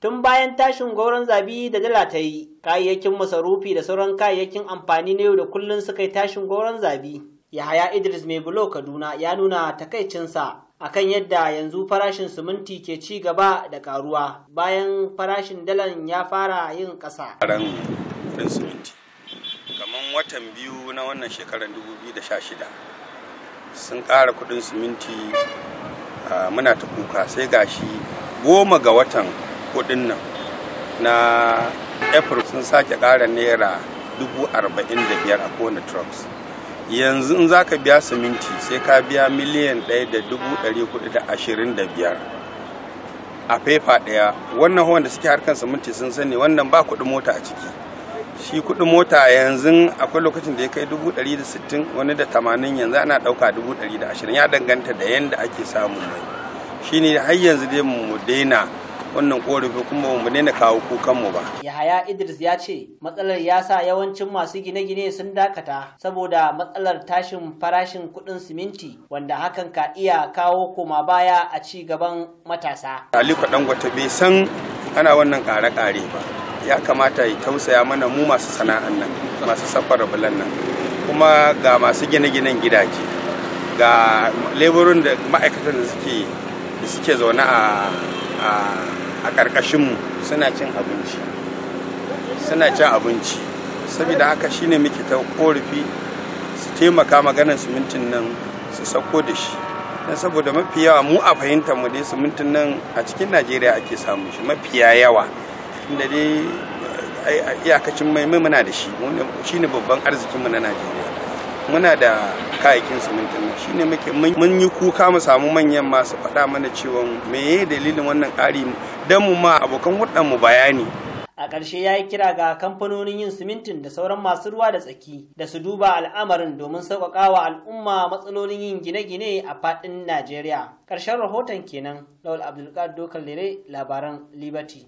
tun bayan tashin goron zabi da dala ta yi kayayyakin masarufi da sauran kayayyakin amfani na yau da kullun suka yi tashin goron zabi yahaya idris mai bulo kaduna ya nuna takaicinsa akan yadda yanzu farashin siminti ke ci gaba da karuwa bayan farashin dalan ya fara yin kasa watan biyu na wannan shekarar 2016 sun ƙara kudin siminti ah, muna ta kuka sai gashi goma ga watan kuɗin nan na april sun sake ƙara naira dubu arba'in da biyar a kowane trucks yanzu in zaka biya siminti sai ka biya miliyan ɗaya da dubu ɗari hudu da ashirin da biyar a fefa ɗaya wannan hawan da suke harkar siminti sun sani wannan ba kuɗin mota a ciki shi kuɗin mota yanzu akwai lokacin da ya kai dubu ɗari da sittin wani da tamanin yanzu ana ɗauka dubu ɗari da ashirin ya danganta da yanda ake samun mai shine har yanzu dai mu daina wannan korafi kuma mu daina kawo kukan mu ba. Yahaya Idris ya ce matsalar ya sa yawancin masu gine-gine sun dakata saboda matsalar tashin farashin kuɗin siminti wanda hakan ka iya kawo koma baya a ci gaban matasa. Aliko Dangote bai san ana wannan kare kare ba. Ya kamata ya tausaya mana mu masu sana'an nan, masu safar bulan nan, kuma ga masu gine-ginen gidaje, ga leburin da ma'aikatan da suke zaune a a ƙarƙashinmu suna cin abinci suna cin abinci saboda haka shine muke ta korafi su taimaka maganar simintin nan su sauko da shi don saboda mafi yawa mu a fahimta mu dai simintin nan a cikin najeriya ake samun shi mafi yawa inda dai eh, iyakacin mai muna da shi shine babban arzikinmu na najeriya muna da kayakin simintin nan shine muke mun yi kuka mu samu manyan masu faɗa mana cewa meye dalilin wannan ƙari dan mu ma abokan hudan mu bayani a ƙarshe ya yi kira ga kamfanonin yin simintin da sauran masu ruwa da tsaki da su duba al'amarin domin sauƙaƙa wa al'umma matsalolin yin gine-gine a faɗin najeriya ƙarshen rahoton kenan lawal abdulkadir dokar lere labaran liberty